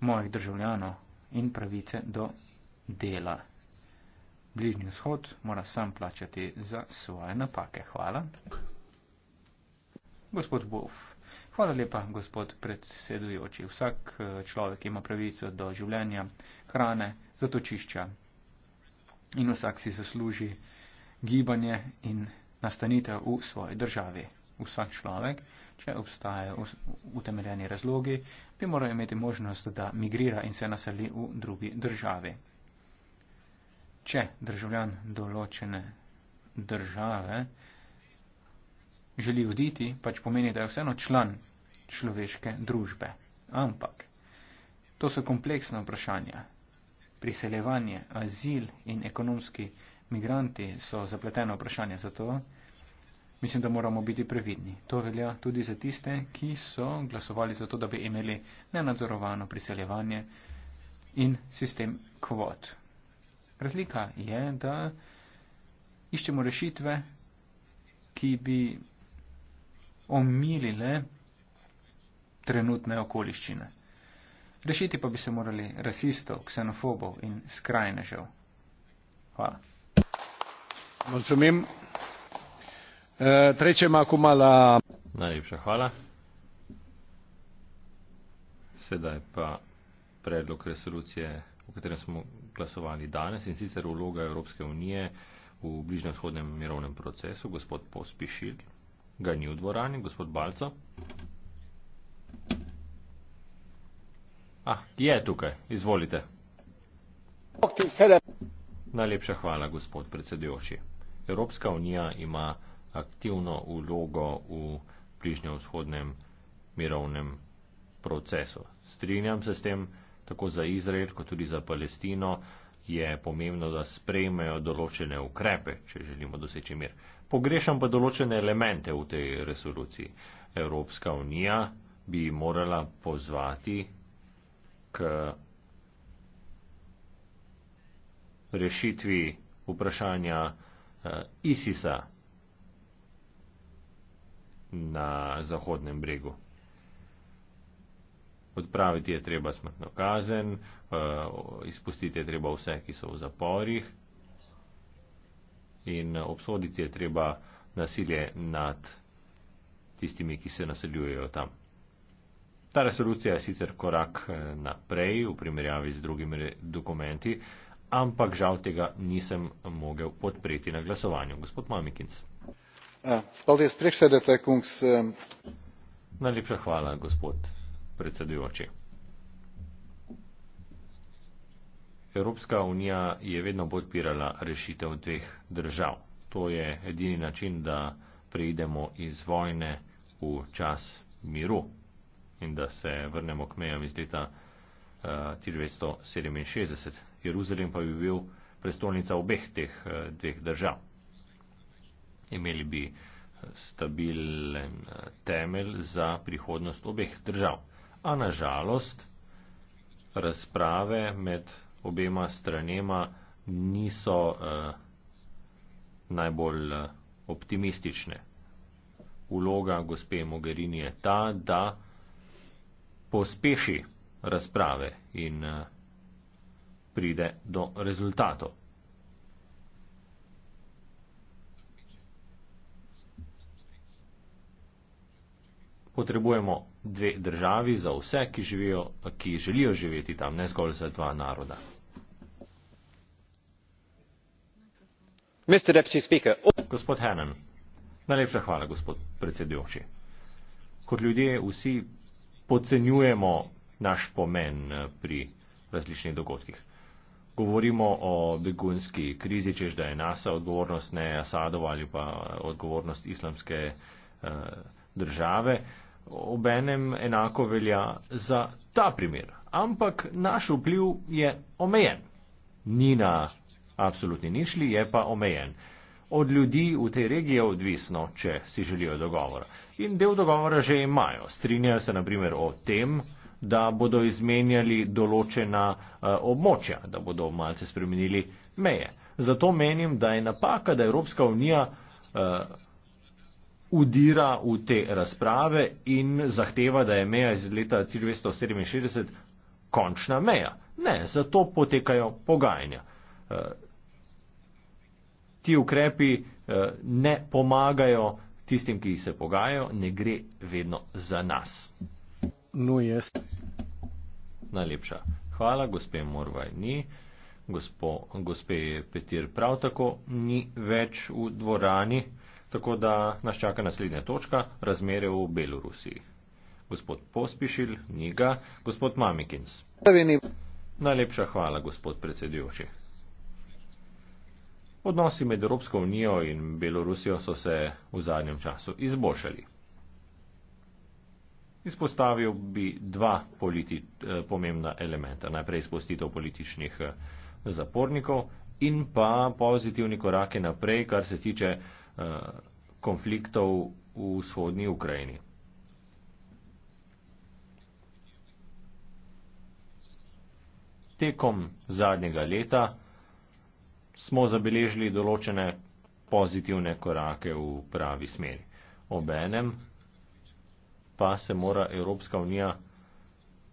mojih državljanov in pravice do dela bližnji vzhod mora sam plačati za svoje napake. Hvala. Gospod Bov. Hvala lepa, gospod predsedujoči. Vsak eh, človek ima pravico do življenja, hrane, zatočišča. In vsak si zasluži gibanje in nastanitev v svoji državi. Vsak človek, če obstajajo utemeljeni razlogi, bi moral imeti možnost, da migrira in se naseli v drugi državi če državljan določene države želi oditi, pač pomeni, da je vseeno član človeške družbe. Ampak to so kompleksna vprašanja. Priseljevanje, azil in ekonomski migranti so zapletena vprašanja, zato mislim, da moramo biti previdni. To velja tudi za tiste, ki so glasovali za to, da bi imeli nenadzorovano priseljevanje in sistem kvot. Razlika je, da iščemo rešitve, ki bi omilile trenutne okoliščine. Rešiti pa bi se morali rasistov, ksenofobov in skrajnežev. Hvala. Razumem. E, treče ima kumala. Najlepša hvala. Sedaj pa predlog resolucije o katerem smo glasovali danes in sicer vloga Evropske unije v bližnjo-shodnem mirovnem procesu. Gospod Pospišil ga ni v dvorani, gospod Balco. Ah, je tukaj, izvolite. Najlepša hvala, gospod predsedujoči. Evropska unija ima aktivno vlogo v bližnjo-shodnem mirovnem procesu. Strinjam se s tem, tako za Izrael, kot tudi za Palestino, je pomembno, da sprejmejo določene ukrepe, če želimo doseči mir. Pogrešam pa določene elemente v tej resoluciji. Evropska unija bi morala pozvati k rešitvi vprašanja eh, ISISA na Zahodnem bregu. Odpraviti je treba smrtno kazen, eh, izpustiti je treba vse, ki so v zaporih in obsoditi je treba nasilje nad tistimi, ki se naseljujejo tam. Ta resolucija je sicer korak eh, naprej v primerjavi z drugimi dokumenti, ampak žal tega nisem mogel podpreti na glasovanju. Gospod Mamikins. Uh, Najlepša hvala, gospod predsedujoči. Evropska unija je vedno podpirala rešitev dveh držav. To je edini način, da preidemo iz vojne v čas miru in da se vrnemo k mejam iz leta 1967. Eh, Jeruzalem pa bi bil prestolnica obeh teh eh, dveh držav. Imeli bi eh, stabilen temelj za prihodnost obeh držav a na žalost razprave med obema stranema niso eh, najbolj eh, optimistične. Uloga gospe Mogherini je ta, da pospeši razprave in eh, pride do rezultatov. Potrebujemo dve državi za vse, ki, živijo, ki želijo živeti tam, ne zgolj za dva naroda. Gospod Hannan, najlepša hvala, gospod predsedujoči. Kot ljudje vsi podcenjujemo naš pomen eh, pri različnih dogodkih. Govorimo o begunski krizi, čež da je nasa odgovornost ne Asadov ali pa odgovornost islamske eh, države. Eh, obenem enako velja za ta primer. Ampak naš vpliv je omejen. Ni na absolutni nišli, je pa omejen. Od ljudi v tej regiji je odvisno, če si želijo dogovora. In del dogovora že imajo. Strinjajo se naprimer o tem, da bodo izmenjali določena uh, območja, da bodo malce spremenili meje. Zato menim, da je napaka, da Evropska unija uh, udira v te razprave in zahteva, da je meja iz leta 1967 končna meja. Ne, zato potekajo pogajanja. Eh, ti ukrepi eh, ne pomagajo tistim, ki se pogajajo, ne gre vedno za nas. No, jaz. Najlepša hvala, gospe Morvaj ni, gospo, gospe Petir prav tako ni več v dvorani. Tako da nas čaka naslednja točka, razmere v Belorusiji. Gospod Pospišil, njega, gospod Mamikins. Najlepša hvala, gospod predsedujoči. Odnosi med Evropsko unijo in Belorusijo so se v zadnjem času izboljšali. Izpostavil bi dva politi, eh, pomembna elementa. Najprej izpustitev političnih eh, zapornikov in pa pozitivni korake naprej, kar se tiče Eh, konfliktov v vzhodnji Ukrajini. Tekom zadnjega leta smo zabeležili določene pozitivne korake v pravi smeri. Obenem pa se mora Evropska unija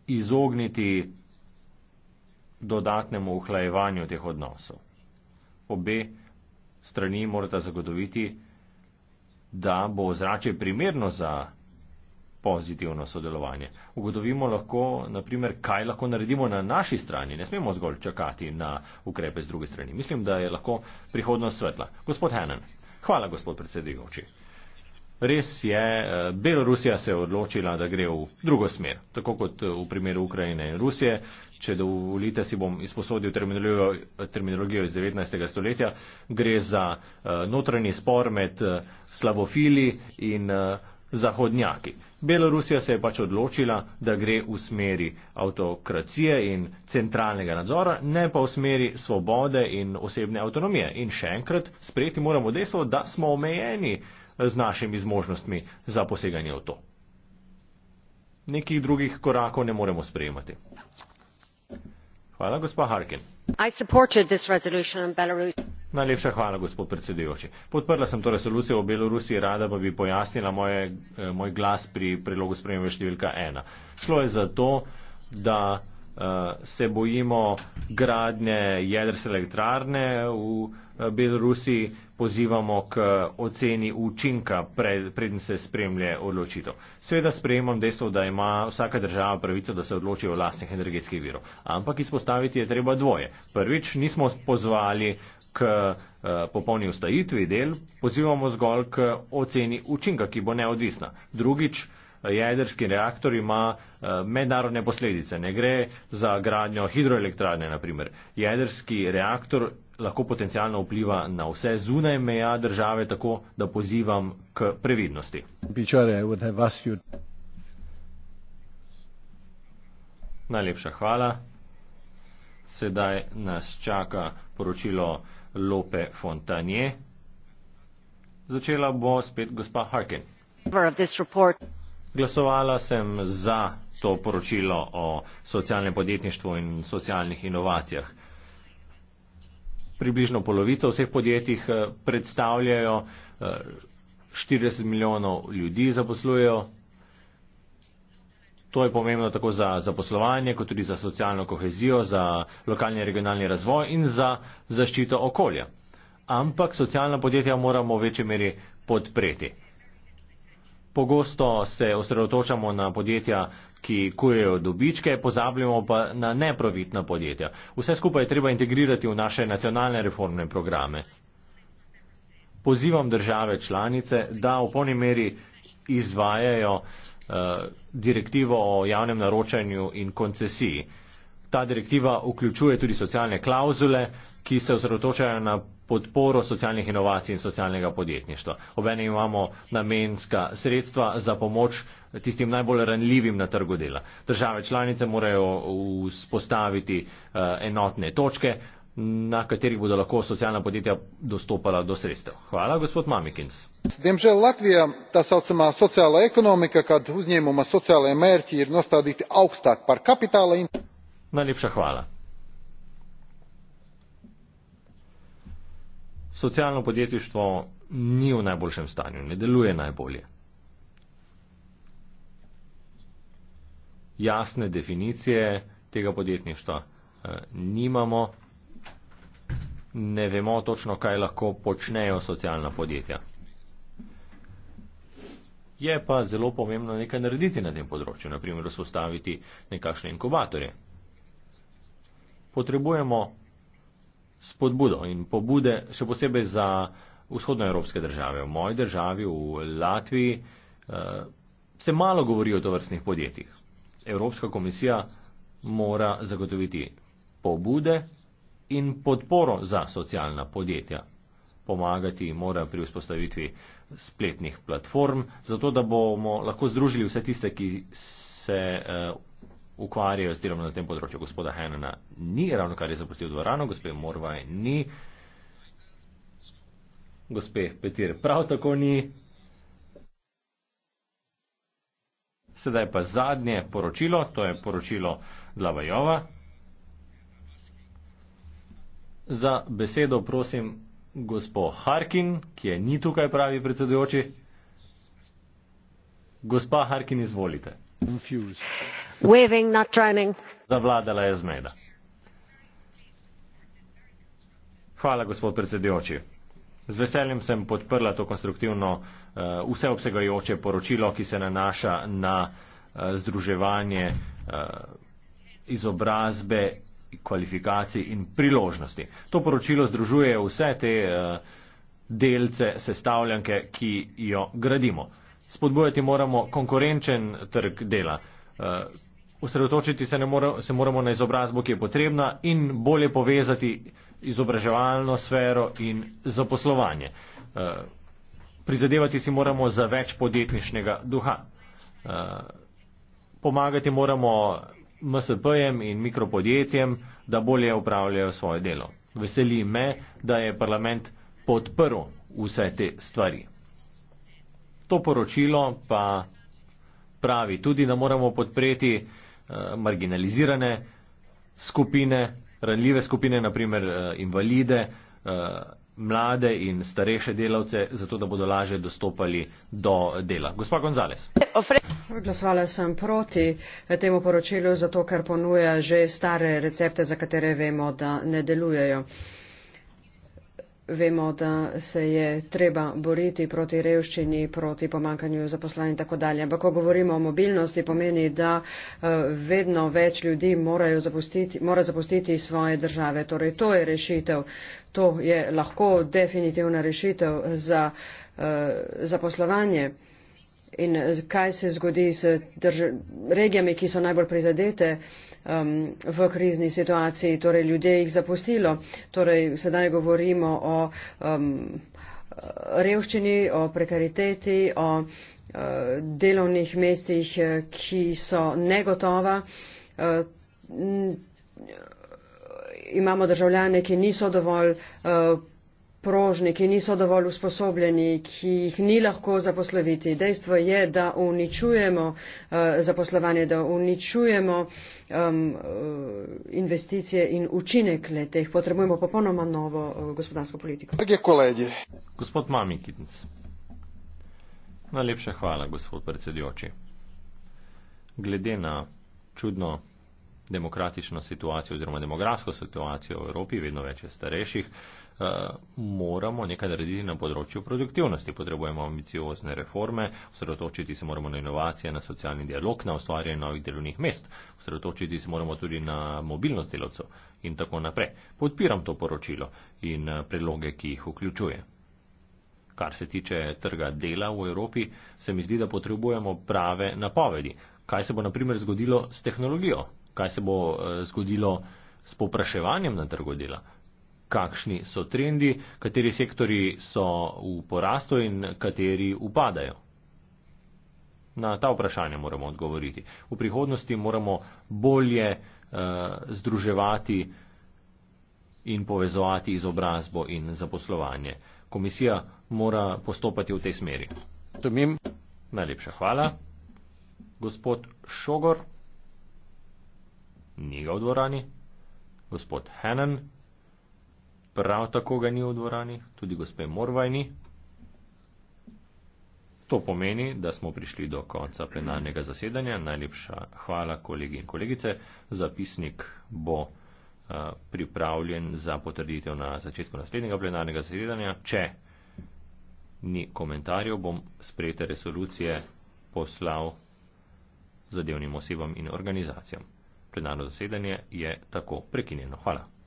izogniti dodatnemu uhlajevanju teh odnosov. Obe strani morata zagotoviti, da bo ozračje primerno za pozitivno sodelovanje. Ugotovimo lahko, naprimer, kaj lahko naredimo na naši strani. Ne smemo zgolj čakati na ukrepe z druge strani. Mislim, da je lahko prihodnost svetla. Gospod Henen. Hvala, gospod predsedujoči. Res je, eh, Belorusija se je odločila, da gre v drugo smer, tako kot eh, v primeru Ukrajine in Rusije. Če dovolite, si bom izposodil terminologijo, terminologijo iz 19. stoletja. Gre za eh, notranji spor med slavofili in zahodnjaki. Belorusija se je pač odločila, da gre v smeri avtokracije in centralnega nadzora, ne pa v smeri svobode in osebne avtonomije. In še enkrat, sprejeti moramo dejstvo, da smo omejeni z našimi zmožnostmi za poseganje v to. Nekih drugih korakov ne moremo sprejemati. Hvala, gospod Harkin. Najlepša hvala, gospod predsedujoči. Podprla sem to resolucijo o Belorusiji, rada pa bi pojasnila moje, eh, moj glas pri prilogu spremembe številka ena. Šlo je za to, da uh, se bojimo gradnje jedrske elektrarne v uh, Belorusiji, uh, pozivamo k oceni učinka, predn se spremlje odločitev. Sveda sprejemam dejstvo, da ima vsaka država pravico, da se odloči o vlastnih energetskih virov. Ampak izpostaviti je treba dvoje. Prvič, nismo pozvali k uh, popolni ustajitvi del, pozivamo zgolj k oceni učinka, ki bo neodvisna. Drugič, jedrski reaktor ima uh, mednarodne posledice. Ne gre za gradnjo hidroelektrane, naprimer. Jedrski reaktor lahko potencialno vpliva na vse zunaj meja države, tako da pozivam k previdnosti. Najlepša hvala. Sedaj nas čaka poročilo Lope Fontanje. Začela bo spet gospa Harkin. Glasovala sem za to poročilo o socialnem podjetništvu in socialnih inovacijah približno polovico vseh podjetij eh, predstavljajo, 40 eh, milijonov ljudi zaposlujejo. To je pomembno tako za zaposlovanje, kot tudi za socialno kohezijo, za lokalni in regionalni razvoj in za zaščito okolja. Ampak socialna podjetja moramo v večji meri podpreti. Pogosto se osredotočamo na podjetja ki kujejo dobičke, pozabljamo pa na neprofitna podjetja. Vse skupaj je treba integrirati v naše nacionalne reformne programe. Pozivam države članice, da v polni meri izvajajo uh, direktivo o javnem naročanju in koncesiji. Ta direktiva vključuje tudi socialne klauzule, ki se osredotočajo na podporo socialnih inovacij in socialnega podjetništva. Obenem imamo namenska sredstva za pomoč tistim najbolj ranljivim na trgu dela. Države članice morajo vzpostaviti eh, enotne točke, na katerih bodo lahko socialna podjetja dostopala do sredstev. Hvala, gospod Mamikins. Diemžel Latvija, ta saucamā sociālā ekonomika, kad uzņēmuma sociālajie mērķi ir nostādīti augstāk par kapitāla. Najlepša hvala. Socialno podjetništvo ni v najboljšem stanju, ne deluje najbolje. Jasne definicije tega podjetništva eh, nimamo, ne vemo točno, kaj lahko počnejo socialna podjetja. Je pa zelo pomembno nekaj narediti na tem področju, naprimer vzpostaviti nekakšne inkubatorje potrebujemo spodbudo in pobude, še posebej za vzhodnoevropske države. V moji državi, v Latviji, eh, se malo govori o tovrstnih podjetjih. Evropska komisija mora zagotoviti pobude in podporo za socialna podjetja. Pomagati mora pri vzpostavitvi spletnih platform, zato da bomo lahko združili vse tiste, ki se eh, ukvarjajo z delom na tem področju. Gospoda Henena ni ravno kar je zapustil dvorano, gospe Morvaj ni, gospe Petir prav tako ni. Sedaj pa zadnje poročilo, to je poročilo Dlavajova. Za besedo prosim gospod Harkin, ki je ni tukaj pravi predsedujoči. Gospa Harkin, izvolite. Confused waving not drowning zavladala je zmeda hvala gospod predsedujoči z veseljem sem podprla to konstruktivno eh, vseobsegajoče poročilo ki se nanaša na eh, združevanje eh, izobrazbe kvalifikacij in priložnosti to poročilo združuje vse te delce sestavljanke ki jo gradimo spodbujati moramo konkurenčen trg dela Usredotočiti se, mora, se moramo na izobrazbo, ki je potrebna in bolje povezati izobraževalno sfero in zaposlovanje. E, prizadevati si moramo za več podjetniškega duha. E, pomagati moramo MSP-jem in mikropodjetjem, da bolje upravljajo svoje delo. Veseli me, da je parlament podprl vse te stvari. To poročilo pa pravi tudi, da moramo podpreti Eh, marginalizirane skupine, ranljive skupine, naprimer eh, invalide, eh, mlade in starejše delavce, zato da bodo lažje dostopali do dela. Gospa Gonzales. Glasovala sem proti temu poročilu, zato ker ponuja že stare recepte, za katere vemo, da ne delujejo vemo, da se je treba boriti proti revščini, proti pomankanju zaposlenih in tako dalje. Ampak, ko govorimo o mobilnosti, pomeni, da eh, vedno več ljudi zapustiti, mora zapustiti svoje države. Torej, to je rešitev. To je lahko definitivna rešitev za eh, zaposlovanje. In kaj se zgodi z drž regijami, ki so najbolj prizadete? um, v krizni situaciji, torej ljudje jih zapustilo. Torej, sedaj govorimo o um, revščini, o prekariteti, o uh, delovnih mestih, ki so negotova. Uh, imamo državljane, ki niso dovolj uh, prožni, ki niso dovolj usposobljeni, ki jih ni lahko zaposloviti. Dejstvo je, da uničujemo uh, zaposlovanje, da uničujemo um, investicije in učinek leteh. Potrebujemo popolnoma novo uh, gospodarsko politiko. Drugi kolegi. Gospod Mamikins. Najlepša hvala, gospod predsedujoči. Glede na čudno demokratično situacijo oziroma demografsko situacijo v Evropi, vedno več je starejših, eh, moramo nekaj narediti na področju produktivnosti. Potrebujemo ambiciozne reforme, osredotočiti se moramo na inovacije, na socialni dialog, na ustvarjanje novih delovnih mest, osredotočiti se moramo tudi na mobilnost delovcev in tako naprej. Podpiram to poročilo in eh, predloge, ki jih vključuje. Kar se tiče trga dela v Evropi, se mi zdi, da potrebujemo prave napovedi. Kaj se bo na primer zgodilo s tehnologijo, kaj se bo eh, zgodilo s popraševanjem na trgu dela, kakšni so trendi, kateri sektori so v porastu in kateri upadajo. Na ta vprašanja moramo odgovoriti. V prihodnosti moramo bolje uh, združevati in povezovati izobrazbo in zaposlovanje. Komisija mora postopati v tej smeri. Najlepša hvala. Gospod Šogor ni ga v dvorani, gospod Henen prav tako ga ni v dvorani, tudi gospe Morvaj ni. To pomeni, da smo prišli do konca plenarnega zasedanja. Najlepša hvala kolegi in kolegice. Zapisnik bo uh, pripravljen za potrditev na začetku naslednjega plenarnega zasedanja. Če ni komentarjev, bom sprejete resolucije poslal zadevnim osebam in organizacijam plenarno zasedanje je tako prekinjeno. Hvala.